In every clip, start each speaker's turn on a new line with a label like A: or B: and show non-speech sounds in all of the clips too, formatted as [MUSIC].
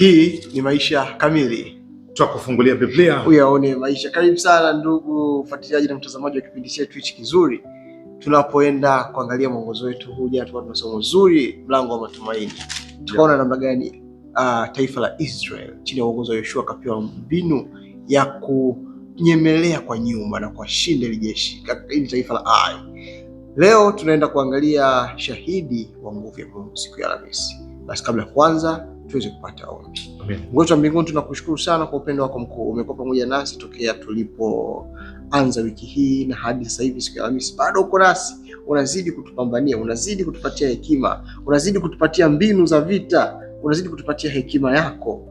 A: Hii ni Maisha Kamili,
B: twakufungulia Biblia
A: uyaone maisha. Karibu sana ndugu mfuatiliaji na mtazamaji wa kipindi chetu hichi kizuri, tunapoenda kuangalia mwongozo wetu huu. Jana tulikuwa tuna somo mlango wa matumaini, tukaona namna gani uh, taifa la Israel chini ya uongozi wa Yoshua akapewa mbinu ya kunyemelea kwa nyuma na kuwashinda hili jeshi, hili taifa la Ai. Leo tunaenda kuangalia shahidi wa nguvu ya Mungu siku ya Alhamisi. Basi kabla ya kwanza tuweze kupata ombi. Mungu wa mbinguni, tunakushukuru sana kwa upendo wako mkuu. Umekuwa pamoja nasi tokea tulipoanza wiki hii na hadi sasa hivi siku ya Alhamisi, bado uko nasi, unazidi kutupambania, unazidi kutupatia hekima, unazidi kutupatia mbinu za vita, unazidi kutupatia hekima yako,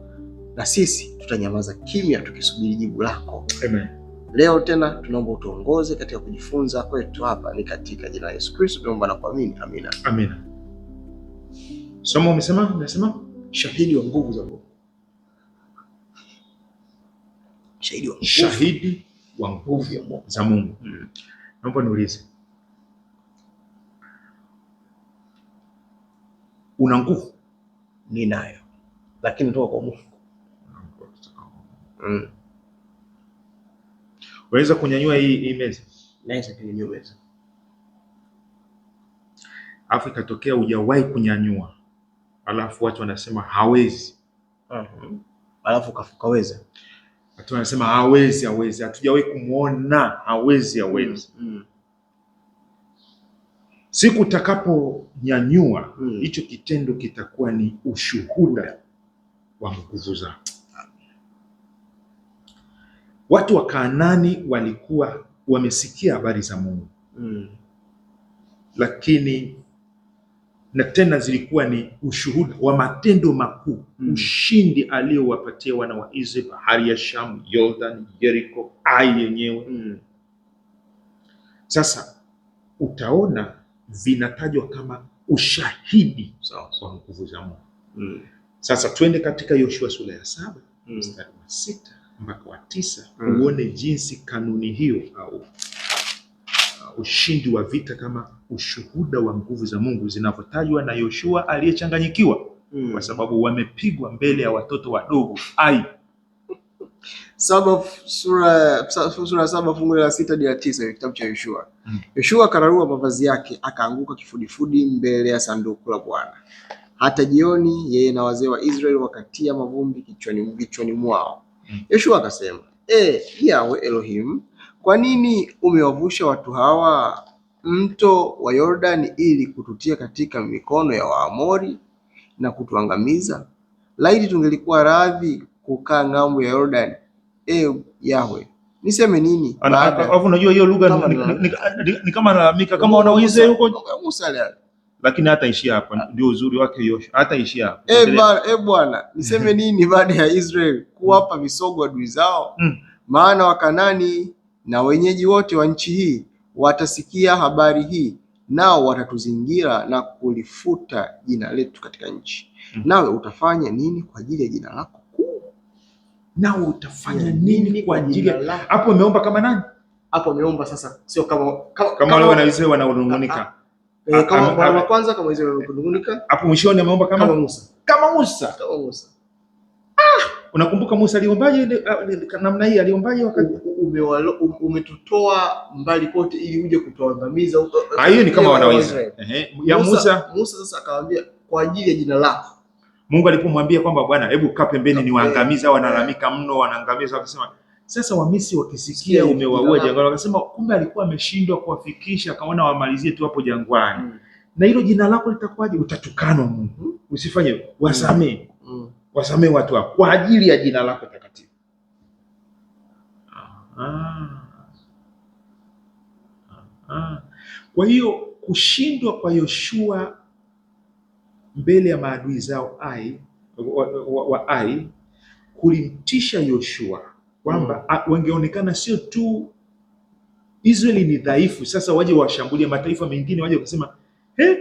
A: na sisi tutanyamaza kimya tukisubiri jibu lako. Amen. Leo tena tunaomba utuongoze katika kujifunza kwetu hapa, ni katika jina la Yesu Kristo tunaomba na kuamini,
B: amina, amina. Somo umesema, umesema
A: shahidi wa nguvu za Mungu, shahidi
B: wa nguvu za Mungu. Hmm. Naomba niulize, una nguvu?
A: Ninayo, lakini toka kwa Mungu. Mm.
B: Unaweza kunyanyua hii hii meza?
A: Naweza kunyanyua meza.
B: Alafu ikatokea hujawahi kunyanyua alafu watu wanasema hawezi.
A: mm-hmm. Alafu kaweza
B: watu wanasema hawezi, hawezi, hatujawahi kumwona hawezi, hawezi. Mm. mm. Siku utakaponyanyua mm. hicho mm. kitendo kitakuwa ni ushuhuda wa nguvu zako. Watu wa Kanaani walikuwa wamesikia habari za Mungu mm. lakini na tena zilikuwa ni ushuhuda wa matendo makuu mm. ushindi aliyowapatia wana wa Israeli, bahari ya Shamu, yordan Jericho, Ai yenyewe mm. Sasa utaona vinatajwa kama ushahidi wa nguvu za Mungu mm. Sasa twende katika Yoshua sura ya saba hmm. mstari mm. wa sita mpaka wa tisa mm. uone jinsi kanuni hiyo au ushindi wa vita kama ushuhuda wa nguvu za Mungu zinavyotajwa na Yoshua aliyechanganyikiwa mm. kwa sababu wamepigwa mbele ya watoto wadogo ai
A: saba sura sura saba fungu la sita hadi la tisa kitabu cha Yoshua. Hmm. Yoshua akararua mavazi yake akaanguka kifudifudi mbele ya sanduku la Bwana. Hata jioni yeye na wazee wa Israeli wakatia mavumbi kichwani kichwani mwao. Hmm. Yoshua akasema, "Eh, Yahwe Elohim, kwa nini umewavusha watu hawa mto wa Yordani ili kututia katika mikono ya Waamori na kutuangamiza? Laiti tungelikuwa radhi kukaa ng'ambo ya Yordani, e Yahwe. Niseme nini?
B: Alafu unajua hiyo lugha ni kama analalamika kama wanawize huko Musa, lakini hata ishia hapo, ndio uzuri wake Yoshua, hata ishia hapo.
A: E Bwana, e Bwana, niseme [LAUGHS] nini baada ya Israeli kuwapa visogo adui zao? Mm. Maana Wakanani na wenyeji wote wa nchi hii watasikia habari hii, nao watatuzingira na kulifuta jina letu katika nchi. Mm -hmm. Nawe utafanya nini kwa ajili ya jina lako kuu?
B: Nawe utafanya nini kwa ajili ya hapo? Umeomba kama nani
A: hapo? Umeomba sasa, sio kama
B: kama kama wale wanaizoe wanaonungunika
A: kama eh, ah, ah, wa ah, kwanza, kama hizo wanaonungunika
B: hapo. Mwishoni ameomba kama Musa,
A: kama Musa, kama Musa
B: Unakumbuka Musa aliombaje ah, namna hii, aliombaje wakati
A: umetutoa mbali kote ili uje kutuangamiza.
B: Ah, hiyo ni kama ee, wanaweza ehe, ya Musa.
A: Musa sasa akamwambia kwa ajili ya jina lako
B: Mungu alipomwambia kwamba Bwana, hebu kaa pembeni niwaangamiza waangamiza wanalalamika mno, wanaangamiza wakisema sasa Wamisri wakisikia umewaua jangwani, wakasema kumbe alikuwa ameshindwa kuwafikisha, akaona wamalizie tu hapo jangwani. Mm. Na hilo jina lako litakuwaje? Utatukanwa Mungu. Mm. Usifanye, wasamee. Mm. mm wasamehe watu wako kwa ajili ya jina lako takatifu. Kwa hiyo kushindwa kwa Yoshua mbele ya maadui zao ai wa, wa, wa ai kulimtisha Yoshua kwamba mm. wangeonekana sio tu Israeli ni dhaifu, sasa waje washambulie mataifa mengine, waje wakasema hey,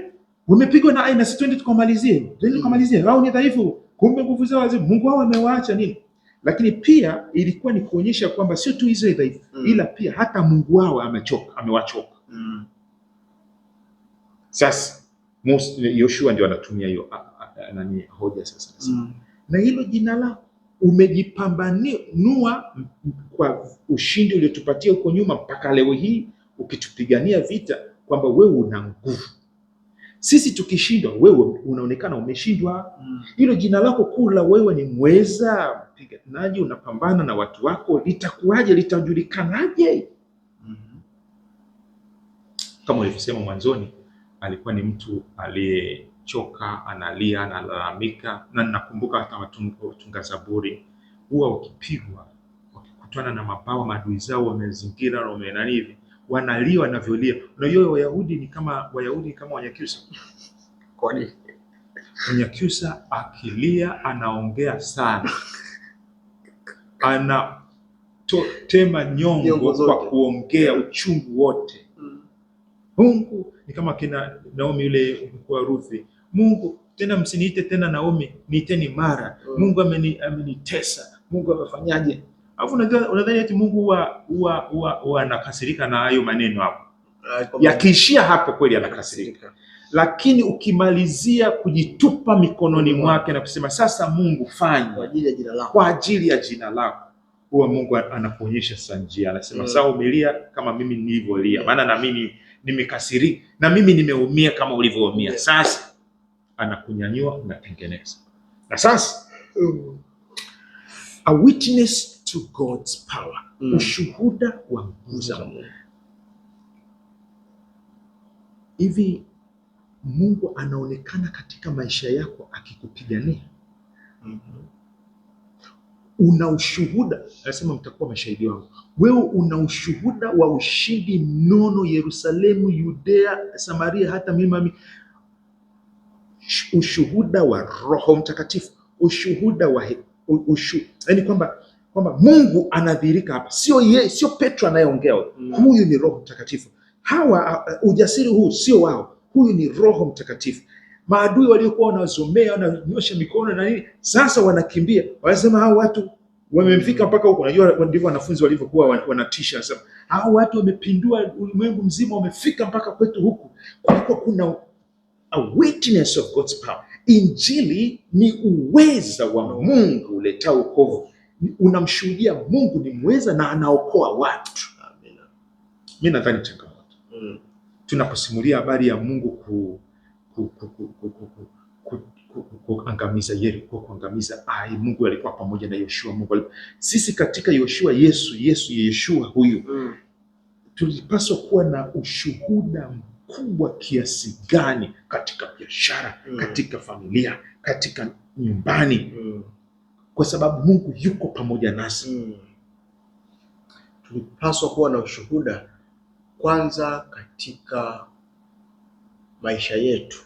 B: wamepigwa na ai na sisi twende tukamalizie, twende mm. tukamalizie, wao ni dhaifu Kumbe nguvu zao wazimu Mungu wao amewaacha nini? Lakini pia ilikuwa ni kuonyesha kwamba sio tu Israeli dhaifu mm. ila pia hata Mungu wao amechoka, amewachoka mm. Sasa Yoshua ndio anatumia hiyo nani hoja sasa mm. na hilo jina lako umejipambanua kwa ushindi uliotupatia huko nyuma mpaka leo hii ukitupigania vita kwamba wewe una nguvu sisi tukishindwa, wewe unaonekana umeshindwa. Mm. Hilo mm. jina lako kuu la wewe ni mweza mpiganaji, unapambana na watu wako, litakuwaje? Litajulikanaje? mm Kama ulivyosema mwanzoni, alikuwa ni mtu aliyechoka, analia, analalamika, na nakumbuka hata watunga Zaburi huwa wakipigwa, wakikutana na mabao maadui zao wamezingira, wamenani hivi wanalia wanavyolia. Unajua Wayahudi ni kama Wayahudi kama Wanyakyusa. Kwani Wanyakyusa akilia anaongea sana, anatotema nyongo kwa kuongea uchungu wote. Mungu ni kama kina Naomi yule kwa Ruthi. Mungu tena, msiniite tena Naomi, niiteni Mara. Mm. Mungu amenitesa, ameni Mungu amefanyaje? Alafu unajua unadhani eti Mungu huwa huwa huwa anakasirika na hayo maneno hapo. Yakiishia hapo kweli anakasirika. Lakini ukimalizia kujitupa mikononi mwake na kusema sasa Mungu fanya
A: kwa ajili ya jina lako.
B: Kwa ajili ya jina lako. Huwa Mungu anakuonyesha sasa njia. Anasema mm. Sawa umelia kama mimi nilivyolia. Maana na mimi nimekasiri na mimi nimeumia kama ulivyoumia. Sasa anakunyanyua unatengeneza. Na sasa mm. a witness to God's power mm. Ushuhuda wa nguvu za Mungu. Hivi Mungu anaonekana katika maisha yako akikupigania? mm -hmm. Una ushuhuda, anasema mtakuwa mashahidi wangu. Wewe una ushuhuda wa ushindi mnono, Yerusalemu, Yudea, Samaria, hata mimami Ushuhuda wa Roho Mtakatifu, ushuhuda wa, ushu, yani kwamba kwamba Mungu anadhihirika hapa, sio yeye, sio Petro anayeongea mm. Huyu ni Roho Mtakatifu. Hawa uh, uh, ujasiri huu sio wao, huyu ni Roho Mtakatifu. Maadui waliokuwa wanazomea wananyosha mikono na nini, sasa wanakimbia, wanasema hao watu wamefika mpaka huko. Unajua, ndivyo wanafunzi walivyokuwa wanatisha, sema hao watu wamepindua ulimwengu mzima, wamefika mpaka kwetu huku. Kulikuwa kuna a witness of God's power. Injili ni uweza wa Mungu uletao wokovu unamshuhudia Mungu ni mweza na anaokoa watu. Mimi nadhani changamoto mm. tunaposimulia habari ya Mungu ku, ku, ku, ku, ku, ku, ku, ku, kuangamiza Yeriko, kuangamiza ai, Mungu alikuwa pamoja na Yoshua. Mungu alikuwa sisi katika Yoshua, Yesu, Yesu, Yeshua huyu mm. tulipaswa kuwa na ushuhuda mkubwa kiasi gani katika biashara mm. katika familia, katika nyumbani mm kwa sababu Mungu yuko pamoja nasi mm.
A: Tulipaswa kuwa na ushuhuda kwanza katika maisha yetu.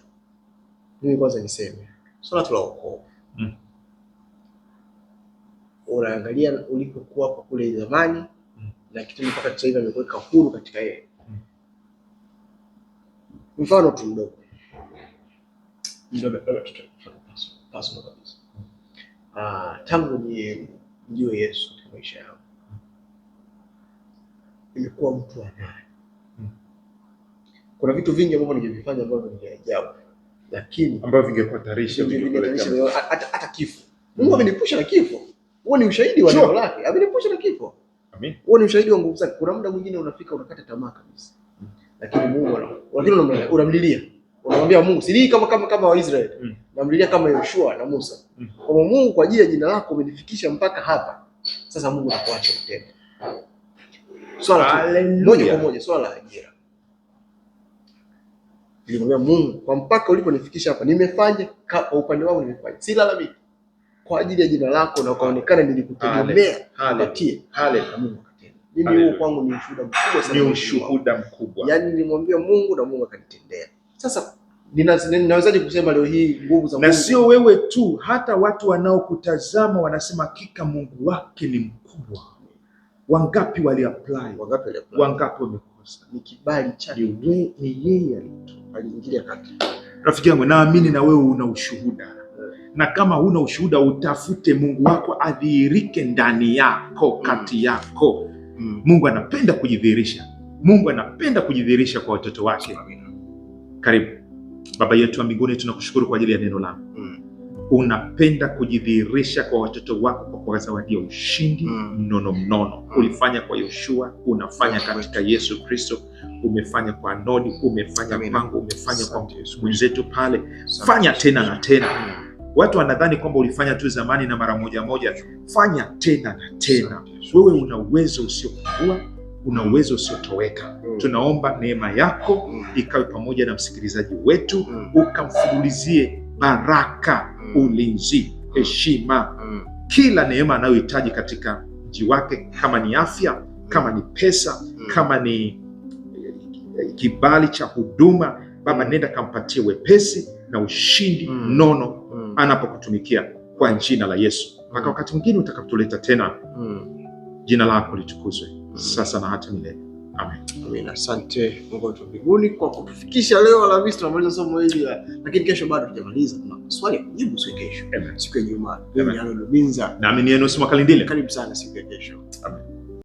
A: Mimi kwanza niseme swala tu wokovu mm. Unaangalia ulipokuwa kwa kule zamani mm. na kitu mpaka sasa hivi amekuweka huru katika yeye mm. Mfano tu mdogo uh, tangu ni mjue Yesu katika maisha yao nimekuwa mtu wa Kuna vitu vingi ambavyo ningevifanya ambavyo ningejau, lakini
B: ambavyo vingekuhatarisha
A: hata kifo. Mungu amenipusha na kifo, huo ni ushahidi wa neno lake. Amenipusha na kifo, amen, huo ni ushahidi wa nguvu zake. Kuna muda mwingine unafika unakata tamaa kabisa, lakini Mungu unamlilia unamwambia Mungu si hii kama kama kama Waisraeli mm. namlilia kama Yoshua na Musa mm. kwa Mungu, kwa ajili ya jina lako umenifikisha mpaka hapa. Sasa Mungu nakuacha kutenda
B: swala
A: moja kwa moja, swala la ajira nilimwambia Mungu, kwa mpaka uliponifikisha hapa nimefanya kwa upande wangu, nimefanya si silalamiki, kwa ajili ya jina lako na ukaonekana nilikutegemea. hale
B: hale na Mungu akatenda.
A: Mimi huo kwangu ni ushuhuda
B: mkubwa sana, ni ushuhuda mkubwa.
A: yani, nilimwambia Mungu na Mungu akanitendea. Sasa ninawezaje kusema leo hii nguvu
B: za Mungu? Na sio wewe tu, hata watu wanaokutazama wanasema hakika Mungu wake ni mkubwa. Wangapi waliapply?
A: Wangapi waliapply?
B: Wangapi wamekosa?
A: Ni kibali cha ni yeye aliingilia
B: kati. Rafiki yangu, naamini na wewe una ushuhuda na kama huna ushuhuda utafute Mungu wako adhihirike ndani yako, kati yako. Mm. Mungu anapenda kujidhihirisha. Mungu anapenda kujidhihirisha kwa watoto wake. Karibu. Baba yetu wa mbinguni, tunakushukuru kwa ajili ya neno lako mm. Unapenda kujidhihirisha kwa watoto wako kwa kuwazawadia ushindi mm. mnono mm. mnono mm. Ulifanya kwa Yoshua, unafanya katika Yesu Kristo, umefanya kwa Anodi, umefanya kwangu, umefanya kwa mwenzetu pale. Fanya tena na tena mm. Watu wanadhani kwamba ulifanya tu zamani na mara moja moja. Fanya tena na tena. Wewe una uwezo usiopungua una uwezo usiotoweka. Mm. Tunaomba neema yako mm. ikawe pamoja na msikilizaji wetu mm. ukamfululizie baraka mm. ulinzi, heshima mm. kila neema anayohitaji katika mji wake, kama ni afya, kama ni pesa mm. kama ni eh, kibali cha huduma Baba, mm. nenda kampatie wepesi na ushindi mm. mnono mm. anapokutumikia kwa jina la Yesu, mpaka mm. wakati mwingine utakapotuleta tena mm. jina lako litukuzwe sasa na hata milele. Amen.
A: Amen. Asante Mungu wetu mbinguni kwa kutufikisha leo Alhamisi, tunamaliza somo hili, lakini kesho bado hatujamaliza. Kuna maswali ya kujibu siku kesho. Siku ya Ijumaa. Mimi ni Aaron Rubinza.
B: ni Enos Makalindile.
A: Karibu sana siku ya kesho. Amen.